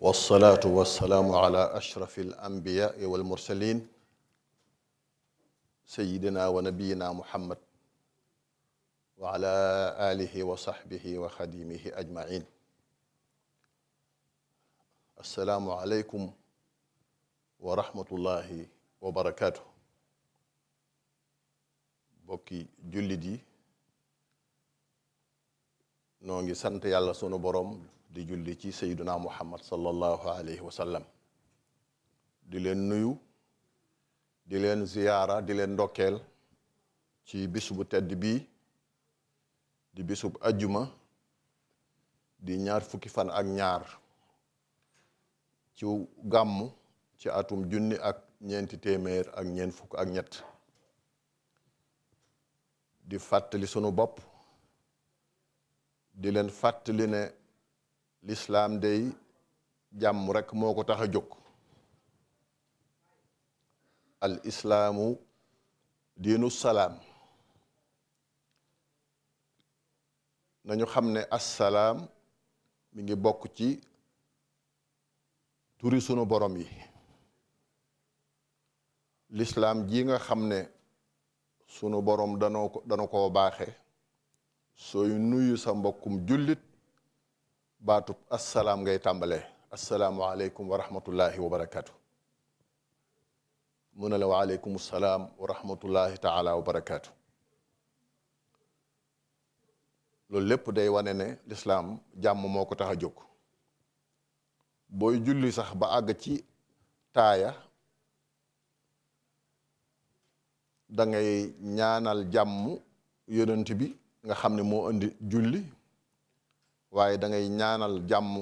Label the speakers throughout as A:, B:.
A: wasalaatu wasalaamu ala ashrafi alambiyaai walmursalin sayidina wa nabiyina muhammad wa ala alihi wa saxbihi wa xadimihi ajmain assalaamu aleykum wa rahmatullahi wa barakaatu bokki jullit yi noo ngi sant yàlla sunu boroom di julli ci sayyiduna muhammad sallallahu alayhi wasalam di leen nuyu di leen ziyaara di leen ndokkeel ci bis bu tedd bii di bisub ajjuma di ñaar fukki fan ak ñaar ci gàmmu ci atum junni ak ñeenti téeméer ak ñeent fukk ak ñett di fàttali sunu bopp di leen fàttali ne lislaam day jàmm rekk moo ko tax a jóg al islaamu diinu salaam nañu xam ne as salaam mi ngi bokk ci turi sunu borom yi lislaam ji nga xam ne sunu borom danoo ko baaxe sooy nuyu sa mbokkum jullit baatub assalaam ngay tàmbalee asalaamualeykum wa rahmatullahi wa barakaatu mu ne la waaleykum salaam wa rahmatullahi taala wa barakaatu loolu lépp day wane ne lislaam jàmm moo ko tax a jóg booy julli sax ba àgg ci taaya dangay ñaanal jàmm yonent bi nga xam ne moo indi julli waaye dangay ñaanal jàmm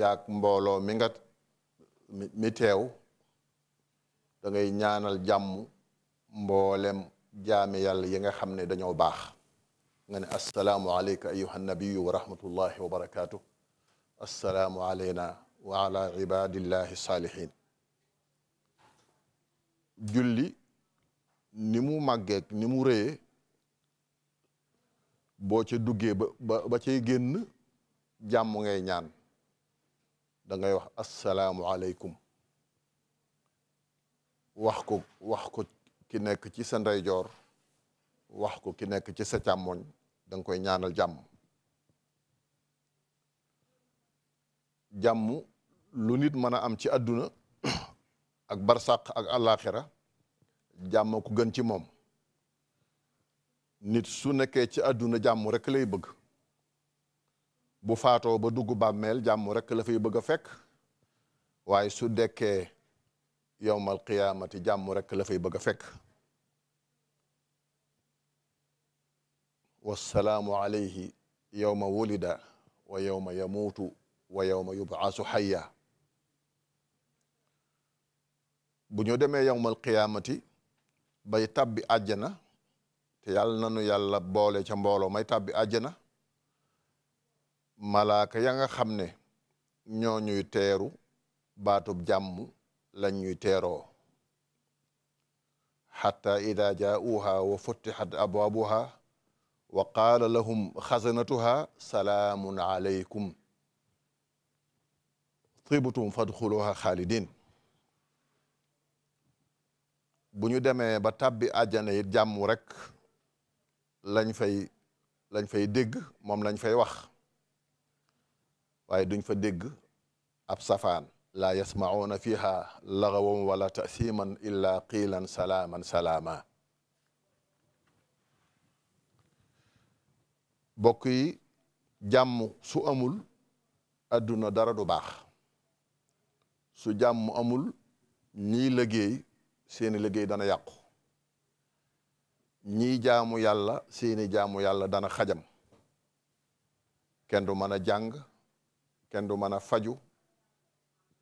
A: yak mbooloo mi nga mi teew da ñaanal jàmm mboolem jaami yàlla yi nga xam ne dañoo baax nga ne assalaamu aleyka ayuha nabiyu wa rahmatullahi wa barakaatu assalaamu aleyna wa ala ibadillahi saalihin julli ni mu màggeeg ni mu réyee boo ca duggee ba ba ba cay génn jàmm ngay ñaan da ngay wax asalaamualeykum wax ko wax ko ki nekk ci sa ndeyjoor wax ko ki nekk ci sa càmmoñ danga koy ñaanal jàmm jàmm lu nit mën a am ci àdduna ak barsàq ak àllaaxira jàmm ko gën ci moom nit su nekkee ci àdduna jàmm rekk lay bëgg bu faatoo ba dugg bàmmeel jàmm rekk la fay bëgg fekk waay su dekkee yowmal qiyaamati jàmm rekk la fay bëgg a fekk wassalaamu alayhi yowma wulida wa yowma yamuutu wa yowma yubaasu xayya bu ñu demee yowmal qiyaamati bay tabbi àjjana te yàlla nanu yàlla boole ca mbooloo may tàbbi àjjana malaaka ya nga xam ne ñoo ñuy teeru baatu jàmm lañuy ñuy teeroo xata ida jaauha wa futixat abwaabuha wa qaala lahum xasanatuha salaamun alaykum tibtum fadxuluha xaalidin bu ñu demee ba tàbbi àjjana yi jàmm rek lañ fay lañ fay dégg moom lañ fay wax waaye duñ fa dégg ab safaan laa yasmauna fiha lagawan wala tasiman illa qiilan salaaman salaama bokk yi jàmm su amul adduna dara du baax su jàmm amul ñiy liggéey seeni liggéey dana yàqu ñii jaamu yàlla seeni jaamu yàlla dana xajam kenn du mën a jàng kenn du mën a faju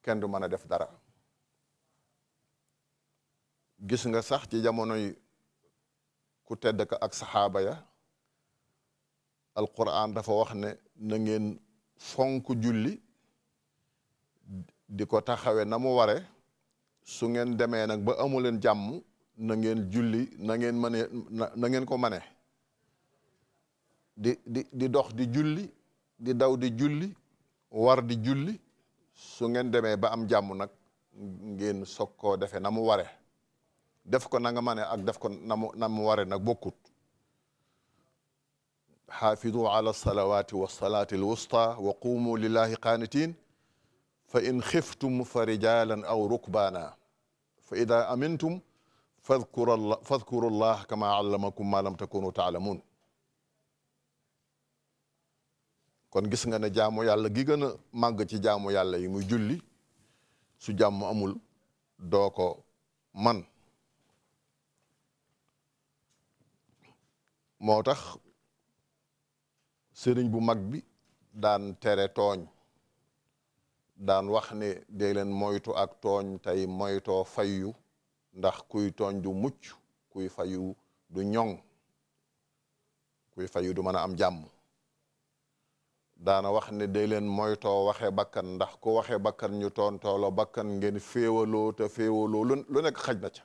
A: kenn du mën a def dara gis nga sax ci jamonoy ku tedd ka ak saxaaba ya alquran dafa wax ne na ngeen fonk julli di ko taxawe na mu ware su ngeen demee nag ba amuleen jàmm na ngeen julli nangeen ngeen mane na ngeen ko mane di di di dox di julli di daw di julli war di julli su ngeen demee ba am jàmm nag ngeen soog koo defee na mu ware def ko na mane ak def ko na mu na ware nag bokkut xaafidu ala salawaati wa salaati alwusta wa qumu lillahi qaanitin fa in xiftum fa rijalan aw rukbaana fa ida amintum fadkuru allah fadkuru allah kama allamakum ma lam takunu kon gis nga ne jaamu yàlla gi gën a màgg ci jaamu yàlla yi muy julli su jàmm amul doo man moo tax sëriñ bu mag bi daan tere tooñ daan wax ne dee moytu ak tooñ tey moytoo fayyu ndax kuy tooñ du mucc kuy fayu du ñoŋ kuy fayu du mën a am jàmm daana wax ne day leen moytoo waxe bakkan ndax ku waxe bakkan ñu toontoolo bakkan ngeen féewaloo te féewaloo lu nekk xaj na ca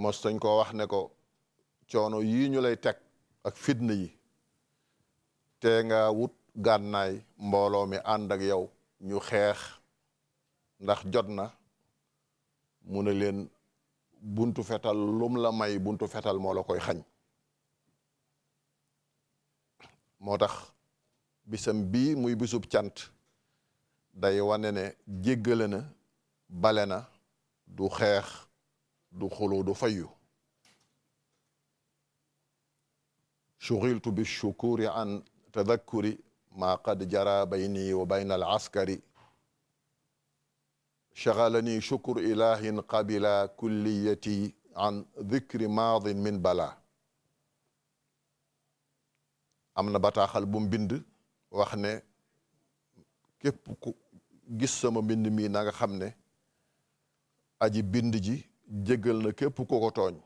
A: mos koo wax ne ko coono yi ñu lay teg ak fitna yi te nga wut gànnaay mbooloo mi ànd ak yow ñu xeex ndax jot na mu ne leen buntu fetal lum may buntu fetal moo la koy xañ moo tax bisam bii muy bisub cant day wane ne jéggale na bale na du xeex du xuloo du fayu shugiltu bi shukuri an tadakkuri ma qad jara bayni wa bayna askari chagalani chukur ilahin qabila kulliyati an dhikri maadin min bala am na bataaxal bu mbind wax ne képp ku gis sama mbind mi na xam ne aji bind ji jégal na képp ku ko tooñ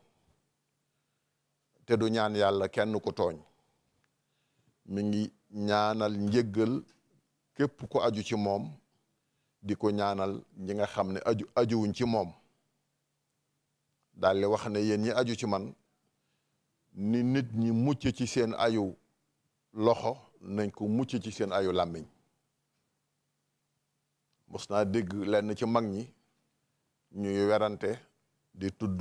A: te du ñaan yàlla kenn ku tooñ mi ngi ñaanal njëggal képp ku aju ci moom di ko ñaanal ñi nga xam ne aju ajuwuñ ci moom daldi wax ne yéen ñi aju ci man ni nit ñi mucc ci seen ayu loxo nañ ko mucc ci seen ayu làmmiñ mos naa dégg lenn ci mag ñi ñuy werante di tudd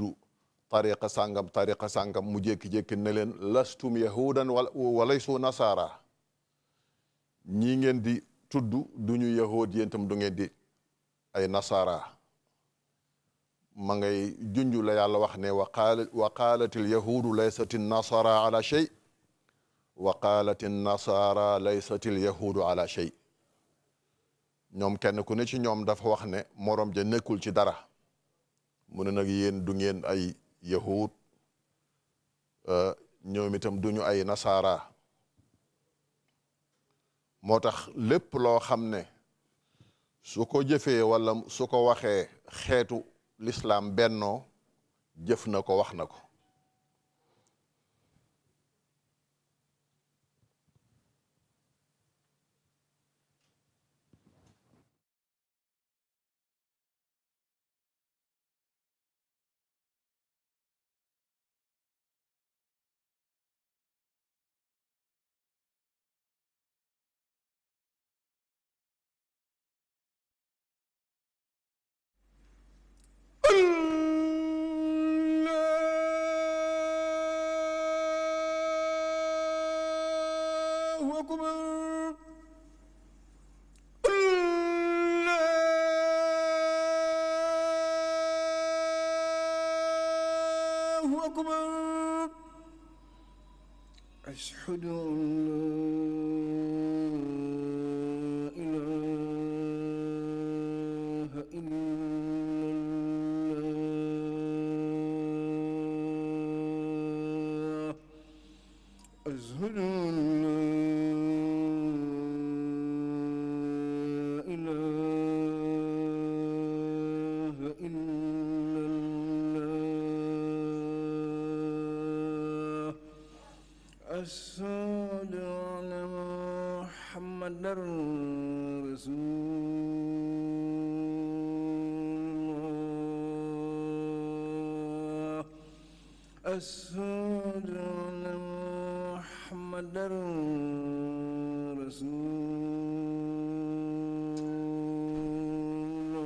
A: tariqa sàngam tariqa sàngam mu jékki-jékki ne leen lastum yahudan wala walaysu nasaara ñi ngeen di tudd duñu ñu yahood yéen itam du ngeen di ay nasaara ma ngay junj la yàlla wax ne waqaala wa qaalatil yahuudu laysati nasara ala shay wa qaalatil nasara laysatil yahuudu ala shay ñoom kenn ku ne ci ñoom dafa wax ne morom ja nekkul ci dara mu ne nag yéen du ngeen ay yahuud euh, ñoom itam du ay nasaara moo tax lépp loo xam ne su ko jëfee wala su ko waxee xeetu lislaam bennoo jëf na ko wax na ko
B: أكبر الله أكبر
C: أشهد أن
B: لا إله إلا الله أشهد محمد رسول أشهد أن محمد رسول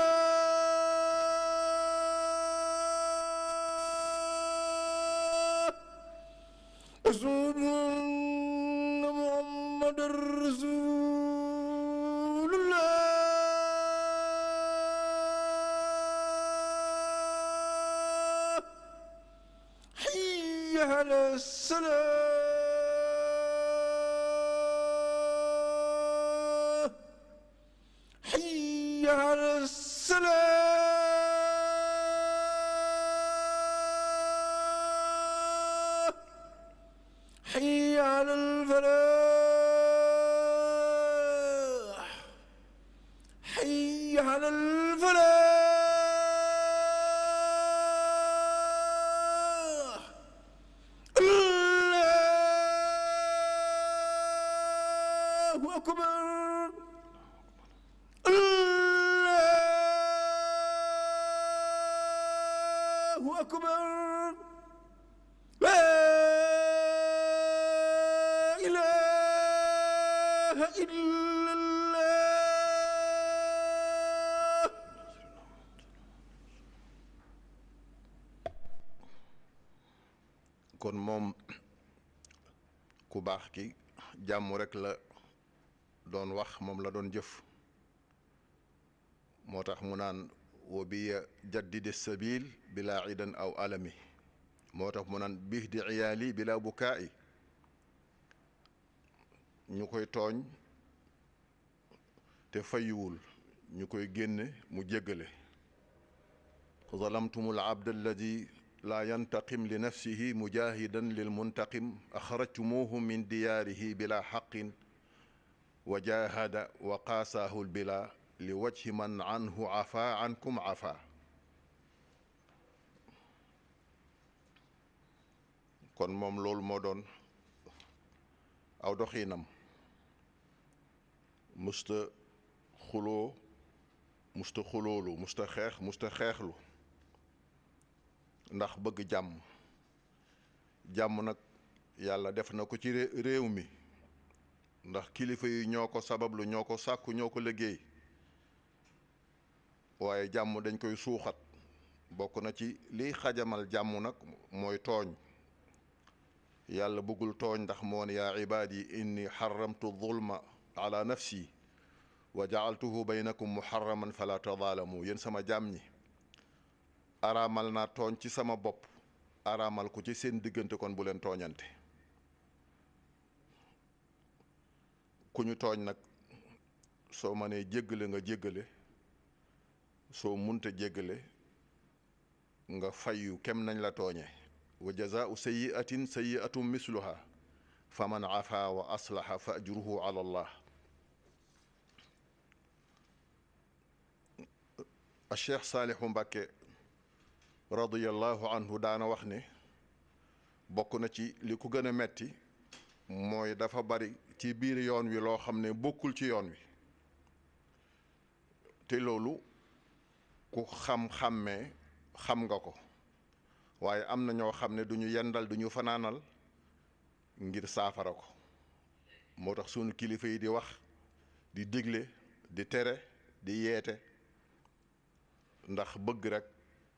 B: le soleil أكبر الله أكبر لا إله إلا الله
A: kon moom ku baax ki jàmm rekk la doon wax moom la doon jëf moo tax mu naan wa bi jaddidi sabil bila idan aw alami moo tax mu naan biix di iyaali bila bukaa'i ñu koy tooñ te fayiwul ñu koy génne mu jéggale zalamtumul abda alladi laa yantaqim li nafsihi mujahidan lil muntaqim axrajtumuhu min diyaarihi bila xaqin wa jahada wa qaasaahu lbila li wajhi man anhu afa ankum afa kon moom loolu moo doon aw doxiinam musta xuloo musta musta xeex musta xeexlu ndax bëgg jàmm jàmm nag yàlla def na ko ci réew mi ndax kilifa yi ñoo ko sabablu ñoo ko sàkku ñoo ko liggéey waaye jàmm dañ koy suuxat bokk na ci liy xajamal jàmm nag mooy tooñ yàlla bëggul tooñ ndax moo ne yaa ibaadi inni xaramtu zulma ala nafsi wa jaaltuhu baynakum muharraman fala tadaalamu yéen sama jàmm ñi araamal naa tooñ ci sama bopp araamal ko ci seen diggante kon bu leen tooñante ku ñu tooñ nag soo mënee jéggale nga jéggale soo munta jéggale nga fayu kem nañ la tooñe wa jazaau sayiatin sayiatum misluha fa man afa wa aslaha fa ajruhu ala allah cheikh saalihu mbàkke radiallahu anhu daana wax ne bokk na ci li ku gën a metti mooy dafa bari ci biir yoon wi loo xam ne bokkul ci yoon wi te loolu ku xam-xàmmee xam nga ko waaye am na ñoo xam ne du ñu yendal du ñu fanaanal ngir saafara ko moo tax suñu kilifa yi di wax di digle di tere di yeete ndax bëgg rekk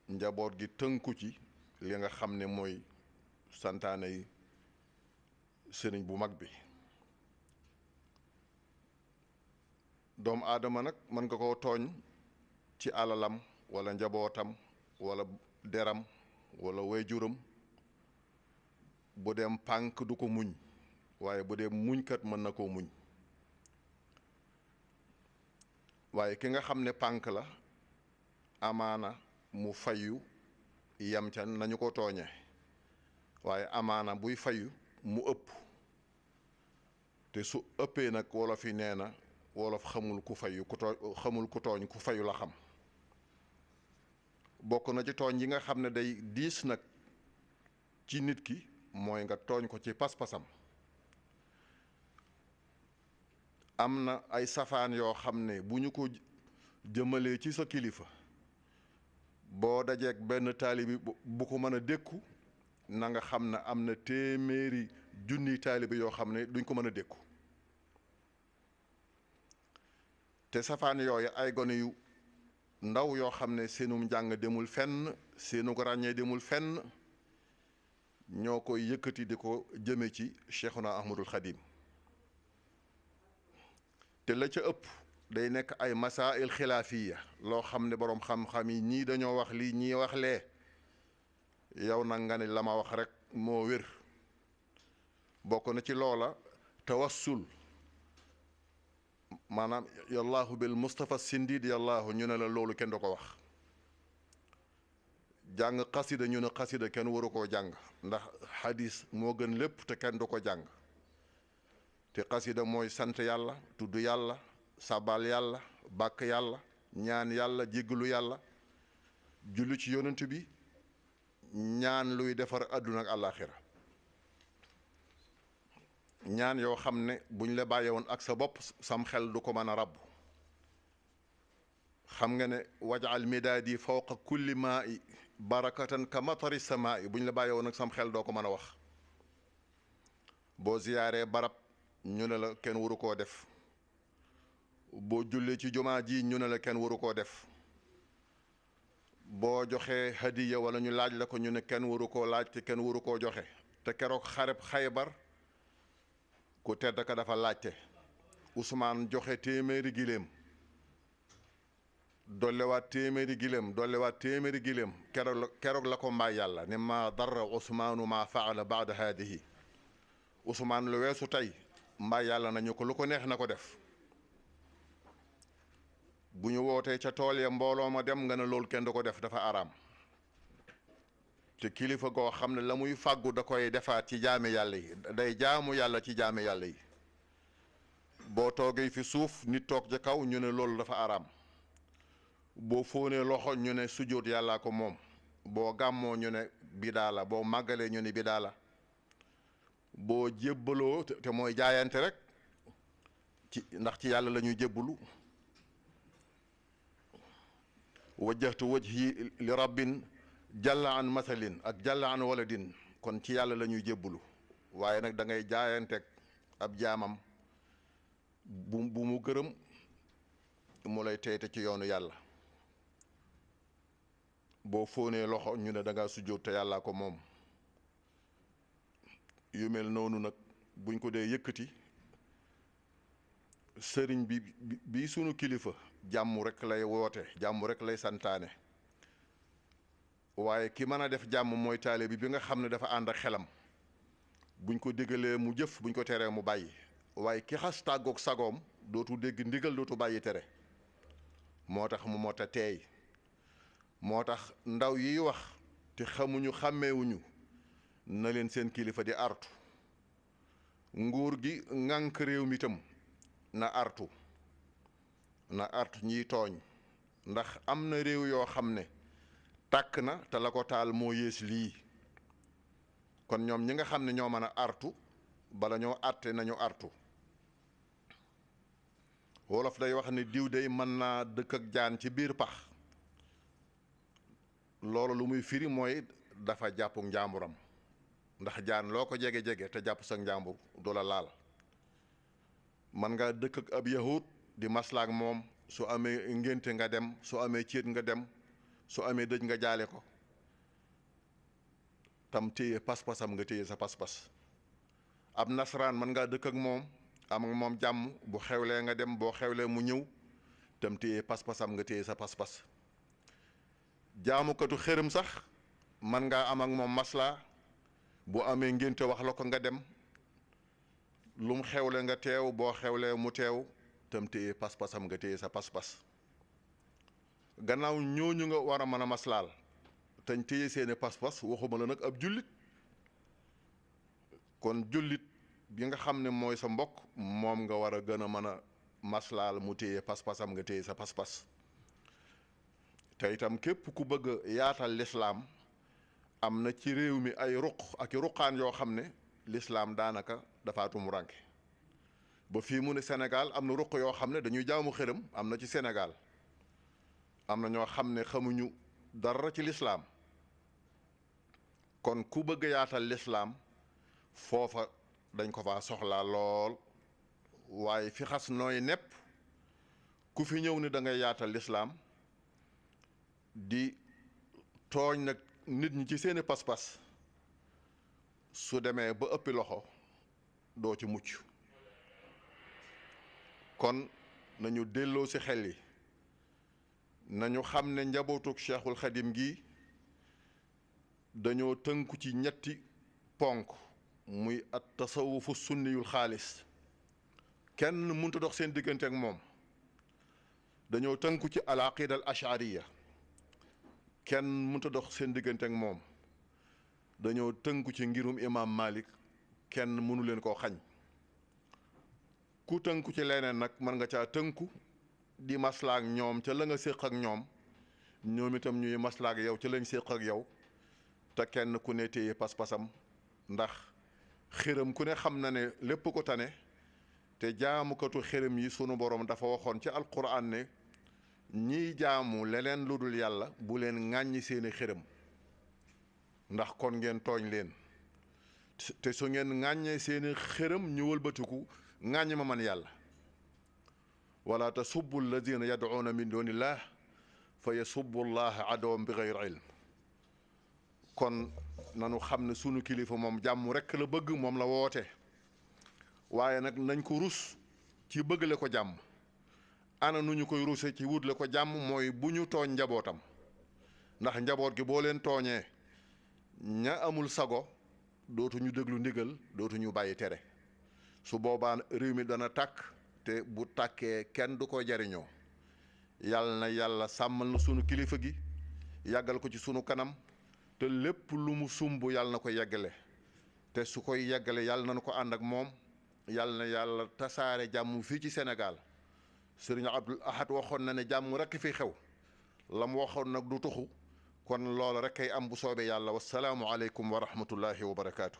A: njaboot gi tënku ci li nga xam ne mooy santaane yi sëriñ bu mag bi doomu aadama nag mën nga koo tooñ ci alalam wala njabootam wala deram wala wayjuram bu dem pànk du ko muñ waaye bu dee muñkat mën na koo muñ waaye ki nga xam ne pànk la amaana mu fayu yam ca nañu ko tooñe waaye amaana buy fayu mu ëpp te su ëppee nag wolof yi nee na wolof xamul ku fayu ku xamul ku tooñ ku fayu la xam bokk na ci tooñ yi nga xam ne day diis nag ci nit ki mooy nga tooñ ko ci pas-pasam am na ay safaan yoo xam ne bu ñu ko jëmalee ci sa kilifa boo dajeeg benn taalibi bu ko mën a dékku nanga xam ne am na téeméeri junniy taalibi yoo xam ne duñ ko mën a dékku te safaan yooyu ay gone yu ndaw yoo xam ne seenu njàng demul fenn seenu ko ràññee demul fenn ñoo koy yëkkati di ko jëme ci Cheikhuna Ahmadul Xadim te la ca ëpp day nekk ay masail xilaafiya loo xam ne boroom xam-xam yi ñii dañoo wax lii ñii wax lee yow na nga ne la ma wax rek moo wér bokk na ci loola tawassul maanaam yallaahu bil Moustapha Sindiid yallaahu ñu ne la loolu kenn du ko wax jàng xasida ñu ne xasida kenn waru koo jàng ndax xadis moo gën lépp te kenn du ko jàng te xasida mooy sant yàlla tudd yàlla sabal yàlla bàkk yàlla ñaan yàlla jiglu yàlla julli ci yonent bi ñaan luy defar àdduna ak àllaaxira ñaan yoo xam ne bu buñ la bàyyee woon ak sa bopp sam xel du ko mën a rabb xam nga ne wajaal midaadi fawqa kulli maa i barakatan ka matari samaa i buñ la bàyyee woon sam xel doo ko mën a wax boo ziyaaree barab ñu ne la kenn waru koo def boo jullee ci jumaa ji ñu ne la kenn waru koo def boo joxee hadiya wala ñu laaj la ko ñu ne kenn waru koo laaj kenn waru koo joxe te keroog xareb xaybar ku tedd ka dafa laajte usmaan joxe téeméeri giléem dollewaat téeméeri giléem dollewaat téeméeri giléem keroog la ko mbaay yàlla ni ma darra Ousmaanu ma faala baada haadihi Ousmane lu weesu tey mbaay yàlla nañu ko lu ko neex na ko def bu ñu wootee ca tool ya mbooloo ma dem nga ne loolu kenn du ko def dafa araam te kilifa goo xam ne la muy fàggu da koy defaat ci jaame yàlla yi day jaamu yàlla ci jaame yàlla yi boo toogee fi suuf nit toog ci kaw ñu ne loolu dafa araam boo fóonee loxo ñu ne sujjóot yàlla ko moom boo gàmmoo ñu ne bidaa boo màggalee ñu ne bidaa la boo jébbaloo te mooy jaayante rek ci ndax ci yàlla la ñuy jébbalu wajjahtu wajhi li rabbin jàlla an ak jàlla an waladin kon ci yàlla la ñuy jébbulu waaye nag dangay ngay jaayanteeg ab jaamam bu bu mu gërëm mu lay teyte ci yoonu yàlla boo fóonee loxo ñu ne danga ngaa sujjóot te yàllaa ko moom yu mel noonu nag buñ ko dee yëkkati sëriñ bi bi sunu kilifa jàmm rek lay woote jàmm rek lay santaane waaye ki mën a def jàmm mooy taalibe bi nga xam ne dafa ànd ak xelam buñ ko déggalee mu jëf buñ ko teree mu bàyyi waaye ki xas tàggoog sagoom dootu dégg ndigal dootu bàyyi tere moo tax mu mot teey moo tax ndaw yiy wax te xamuñu xàmmewuñu na leen seen kilifa di artu nguur gi ŋànk réew mi tam na artu na artu ñii tooñ ndax am na réew yoo xam ne tàkk na te la ko taal moo yées lii kon ñoom ñi nga xam ne ñoo mën a artu bala ñoo àtte nañu artu wolof day wax ne diw day mën naa dëkk ak jaan ci biir pax loolu lu muy firi mooy dafa jàppu njàmburam ndax jaan loo ko jege-jege te jàpp sa njàmbur du la laal man nga dëkk ak ab yahut di maslaak moom su amee ngénte nga dem su amee céet nga dem su amee dëj nga jaale ko tam téye pas-pasam nga téye sa pas-pas ab nasaraan mën ngaa dëkk ak moom am moom jàmm bu xewlee nga dem boo xewlee mu ñëw tam téye pas-pasam nga téye sa pas-pas jaamukatu xërëm sax man ngaa am ak moom maslaa bu amee ngénte wax la ko nga dem lum xewle nga teew boo xewlee mu teew tam téye pas-pasam nga téye sa pas-pas gannaaw ñooñu nga war a mën a maslaal te ñu téye seeni pas-pas waxuma la nag ab jullit kon jullit bi nga xam ne mooy sa mbokk moom nga war a gën a mën a maslaal mu téye pas-pasam nga téye sa pas-pas te itam képp ku bëgg yaatal lislaam am na ci réew mi ay ruq ak i ruqaan yoo xam ne lislaam daanaka dafa tumuranke ba fii mu ne Sénégal am na ruq yoo xam ne dañuy jaamu xërëm am na ci Sénégal am na ñoo xam ne xamuñu dara ci lislaam kon ku bëgg yaatal lislaam foofa dañ ko faa soxlaa lool waaye fi xas nooy nepp ku fi ñëw ni dangay yaatal lislaam di tooñ nag nit ñi ci seeni pas-pas su demee ba ëppi loxo doo ci mucc kon nañu delloo ci xel yi nañu xam ne njabootug Cheikhul Khadim gi dañoo tënku ci ñetti ponk muy at tasawufu sunniyul xaalis kenn mënut dox seen diggante ak moom dañoo tënku ci al aqida kenn mënut dox seen diggante ak moom dañoo tënku ci ngirum imaam Malik kenn mënu leen koo xañ ku tënku ci leneen nag mën nga caa tënku di maslaak ñoom ca la nga séq ak ñoom ñoom itam ñuy maslaak yow ca lañ séq ak yow te kenn ku ne téye pas-pasam ndax xërëm ku ne xam na ne lépp ko tane te jaamukatu xërëm yi sunu borom dafa waxoon ci alquran ne ñiy jaamu leneen lu dul yàlla bu leen ŋàññi seeni xërëm ndax kon ngeen tooñ leen te su ngeen ŋàññee seeni xërëm ñu wëlbatiku ŋàññ ma man yàlla wala tasubbu alladina yad'uuna min dunillah fa yasubbu llaha adoom bi gayri ilm kon nanu xam ne sunu kilifa moom jàmm rekk la bëgg moom la woote waaye nag nañ ko rus ci bëgg la ko jàmm ana nu ñu koy ruse ci wut la ko jàmm mooy bu ñu tooñ njabootam ndax njaboot gi boo leen tooñee ña amul sago dootu ñu déglu ndigal dootu ñu bàyyi tere su boobaa réew mi dana tàkk te bu tàkkee kenn du ko jariñoo yàlla na yàlla sàmmal na sunu kilifa gi yàggal ko ci sunu kanam te lépp lu mu sumb yàlla na ko yeggale te su koy yeggale yàlla nañu ko ànd ak moom yàlla na yàlla tasaare jàmm fii ci senegal sëriñ Abdul Ahad waxoon na ne jàmm rekk fi xew la waxoon nag du taxu kon loolu rek kay am bu soobee yàlla wasalaamualeykum wa rahmatullahi wa barakaatu.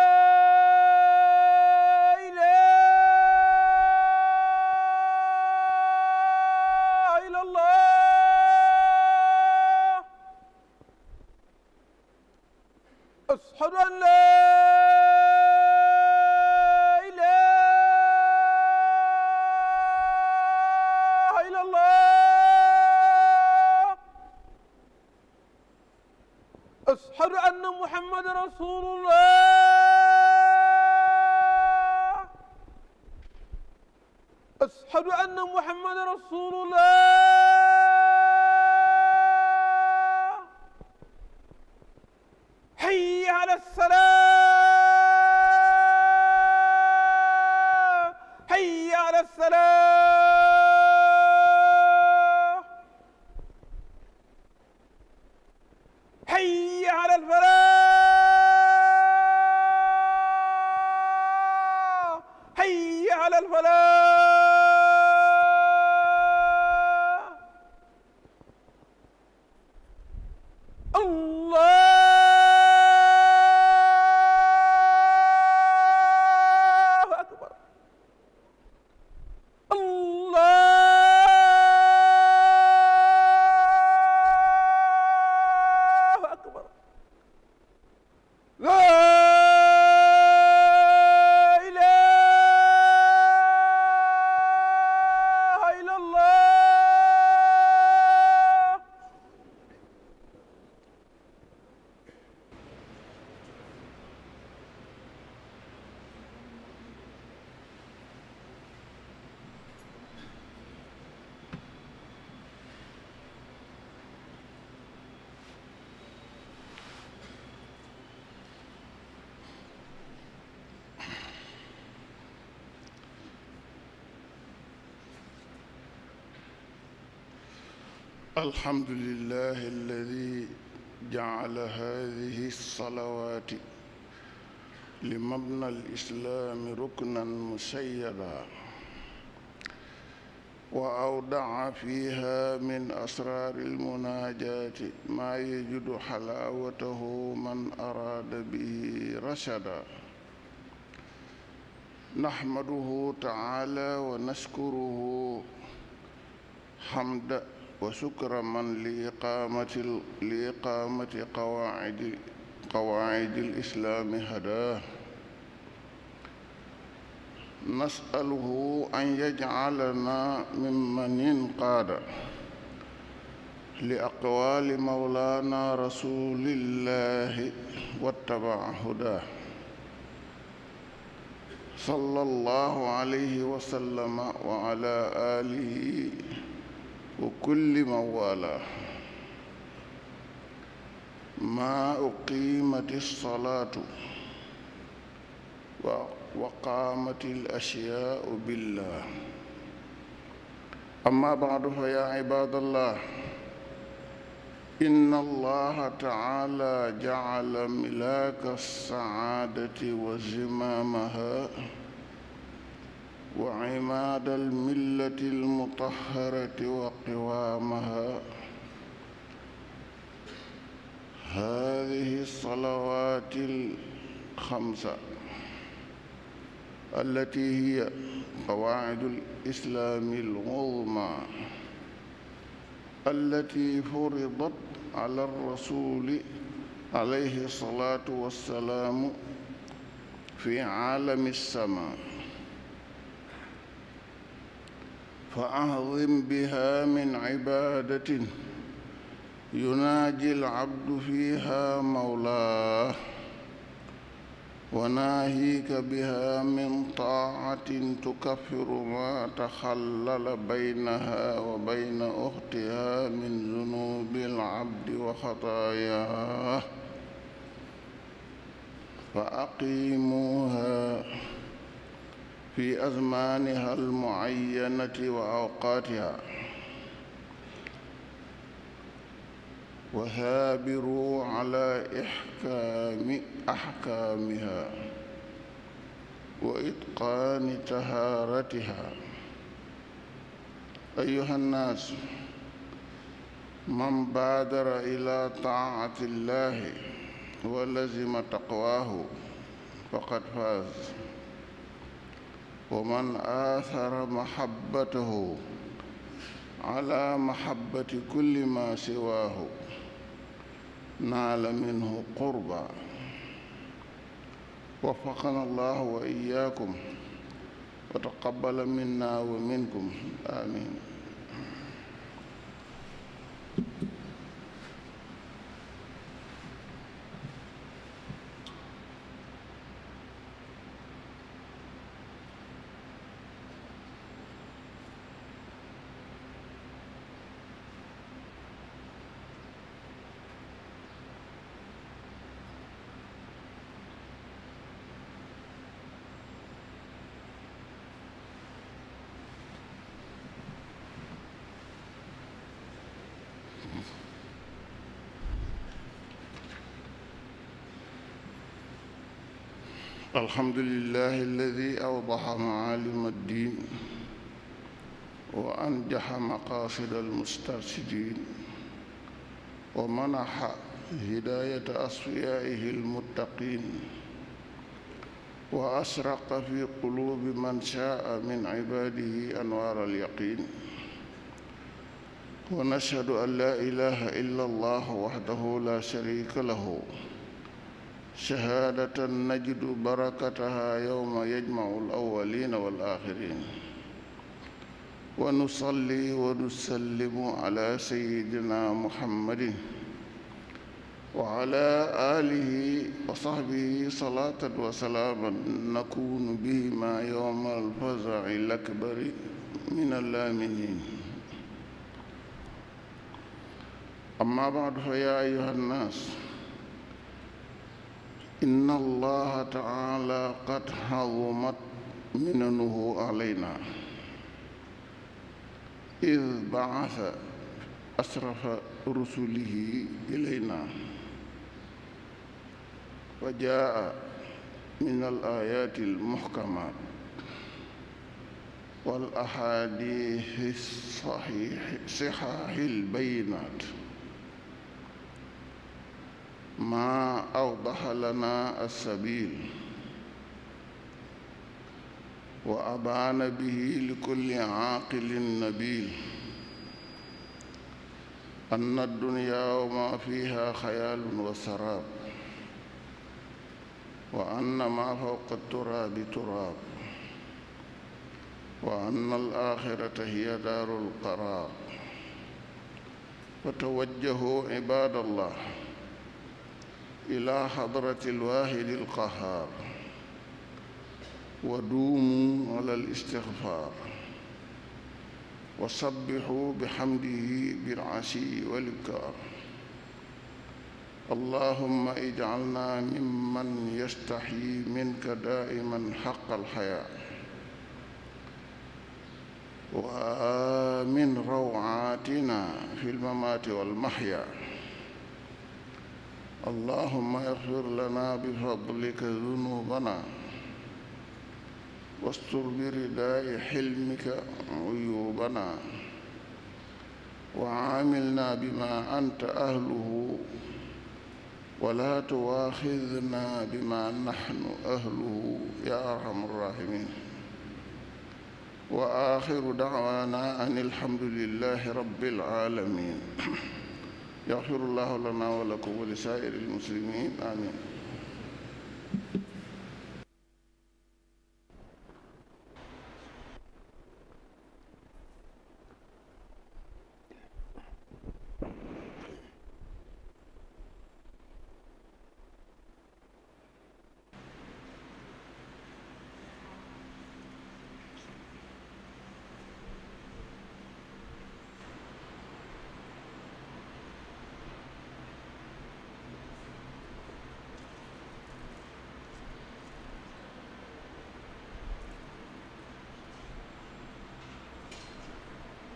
B: أشهد أن محمد رسول الله أشهد أن محمد رسول الله حي على السلام
C: الحمد لله الذي جعل هذه الصلوات لمبنى الإسلام ركنا مسيبا وأودع فيها من أسرار المناجاة ما يجد حلاوته من أراد به رشدا نحمده تعالى ونشكره حمد وشكر من لإقامة لإقامة قواعد قواعد الإسلام هداه نسأله أن يجعلنا ممن انقاد لأقوال مولانا رسول الله واتبع هداه صلى الله عليه وسلم وعلى آله وكل من والاه ما أقيمت الصلاة وقامت الأشياء بالله أما بعد فيا عباد الله إن الله تعالى جعل ملاك السعادة وزمامها وعماد الملة المطهرة وقوامها هذه الصلوات الخمسة التي هي قواعد الإسلام العظمى التي فرضت على الرسول عليه الصلاة والسلام في عالم السماء فأعظم بها من عبادة يناجي العبد فيها مولاه وناهيك بها من طاعة تكفر ما تخلل بينها وبين أختها من ذنوب العبد وخطاياه فأقيموها في أزمانها المعينة وأوقاتها وثابروا على إحكام أحكامها وإتقان طهارتها أيها الناس من بادر إلى طاعة الله ولزم تقواه فقد فاز ومن آثر محبته على محبة كل ما سواه نال منه قربا وفقنا الله وإياكم وتقبل منا ومنكم آمين الحمد لله الذي أوضح معالم الدين وأنجح مقاصد المسترشدين ومنح هداية أصفيائه المتقين وأسرق في قلوب من شاء من عباده أنوار اليقين ونشهد أن لا إله إلا الله وحده لا شريك له shahaadatan najdu barakataha yowma yajmacu alawalina walaaxirin wa nusalli wa nusallimu ala sayidina muhammadin wa ala alihi wa sahbihi salaatan wa salaaman nakunu bihima yowma alfazaci lakbari min allaminin amma bacdu fa yaa ayuha annaas inna allaha taala qad xazumat minanuhu alayna id baasa asrafa rusulihi ilayna wa jaa min al ayaati almuxkamaat wal ahadith saxaahi albayinaat ما أوضح لنا السبيل وأبان به لكل عاقل نبيل أن الدنيا وما فيها خيال وسراب وأن ما فوق التراب تراب وأن الآخرة هي دار القرار وتوجهوا عباد الله إلى حضرة الواحد القهار ودوموا على الاستغفار وسبحوا بحمده بالعشي والإبكار اللهم اجعلنا ممن يستحي منك دائما حق الحياة وآمن روعاتنا في الممات والمحيا اللهم اغفر لنا بفضلك ذنوبنا واستر برداء حلمك عيوبنا وعاملنا بما أنت أهله ولا تواخذنا بما نحن أهله يا أرحم الراحمين وآخر دعوانا أن الحمد لله رب العالمين yaxfirullahu lana wa lakum wa li saa'iril muslimiin amiin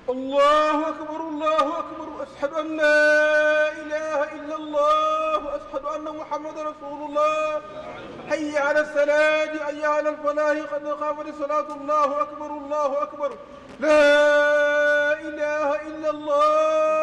B: الله أكبر الله أكبر أشهد أن لا إله إلا الله أشهد أن محمد رسول الله حي على السلاج حي على الفلاح قد قامت الصلاة الله أكبر الله أكبر لا إله إلا الله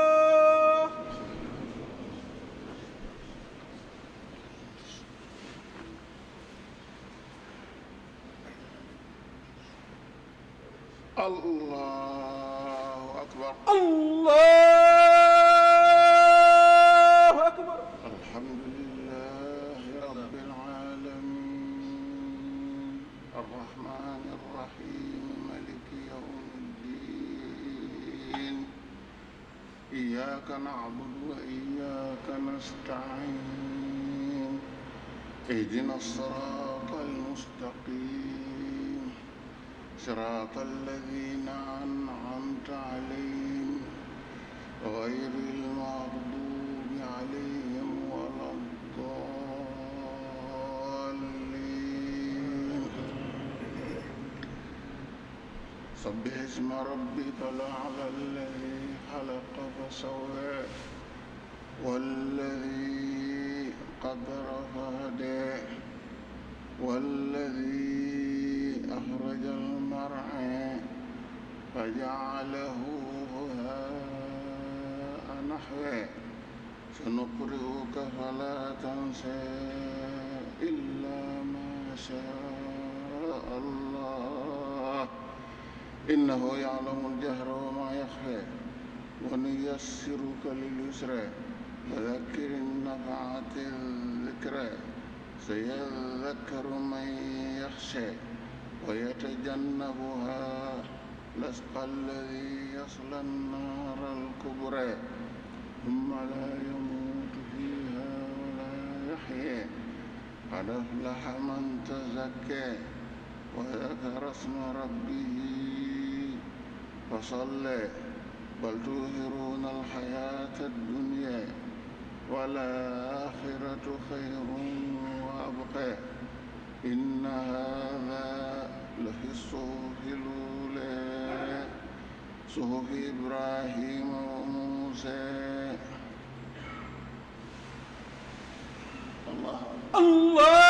C: ونستعين اهدنا الصراط المستقيم صراط الذين أنعمت عليهم غير المغضوب عليهم ولا الضالين سبح اسم ربك الأعلى الذي خلق فسواه والذي قدر فهدى والذي أخرج المرعى فجعله هاء نحوه سنقرئك فلا تنسى إلا ما شاء الله إنه يعلم الجهر وما يخفى ونيسرك لليسرى وذكر النفعة الذكرى سيذكر من يخشى ويتجنبها لسقى الذي يصلى النار الكبرى ثم لا يموت فيها ولا يحيى قد افلح من تزكى وذكر اسم ربه فصلى بل تؤثرون الحياة الدنيا والآخرة خير وأبقى إن هذا لفي الصحف الأولى صحف إبراهيم وموسى الله
B: الله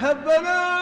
C: هبنا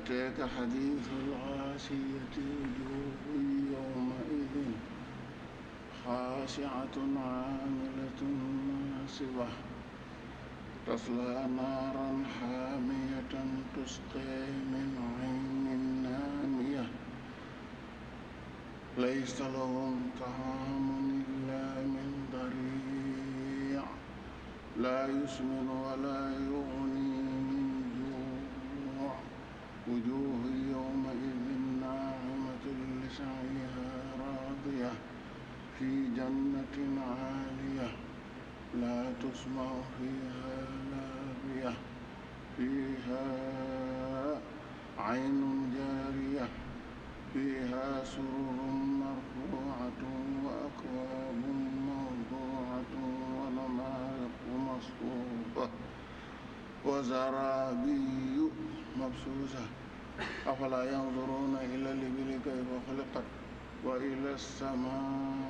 C: أتاك حديث الغاشية وجوه يومئذ خاشعة عاملة ناصبة تصلى نارا حامية تسقي من عين نامية ليس لهم طعام إلا من ضريع لا يسمن ولا يغني عالية لا تسمع فيها لاغية فيها عين جارية فيها سرر مرفوعة وأكواب موضوعة ونمارق مصفوفة وزرابي مبسوسة أفلا ينظرون إلى الإبل كيف خلقت وإلى السماء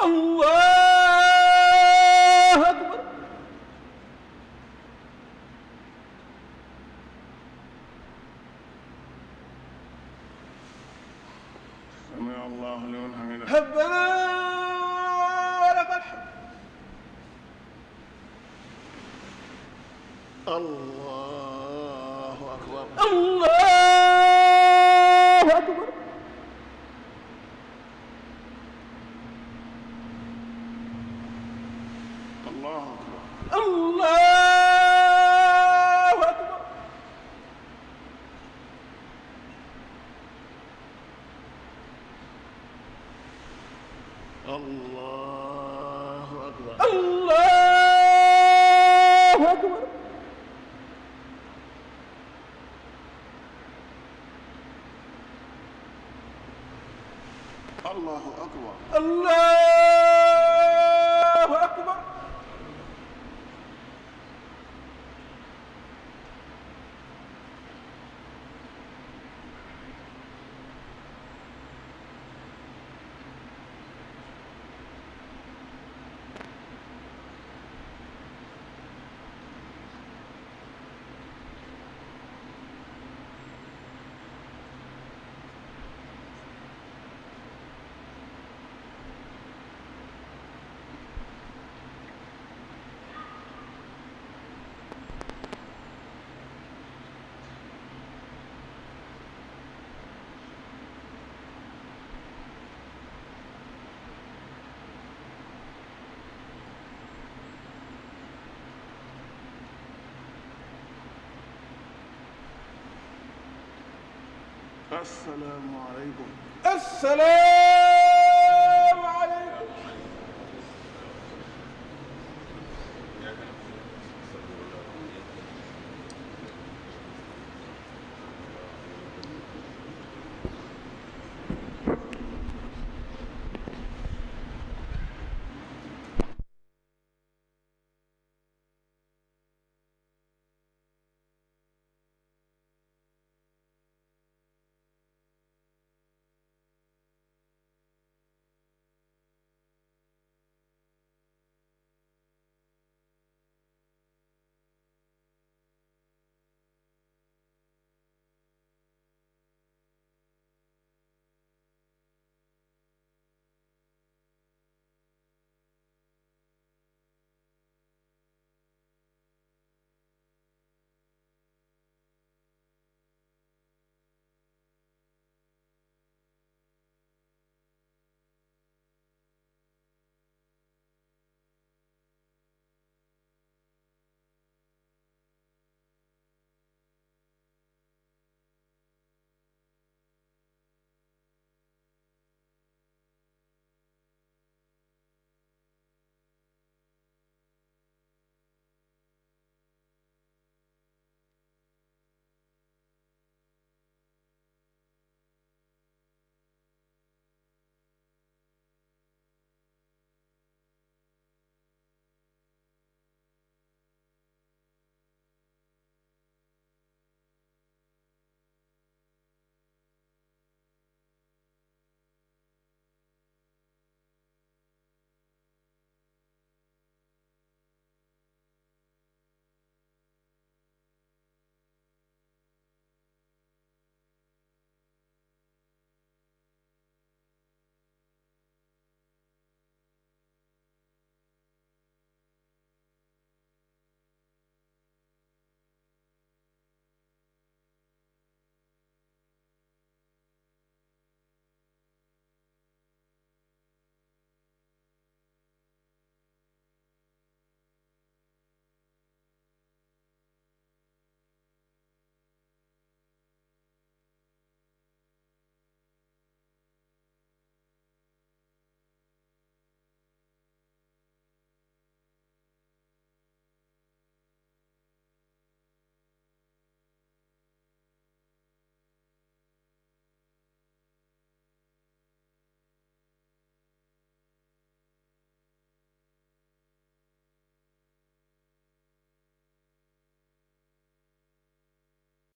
B: الله
C: asalaamaaleykum.
B: asalaamaaleykum.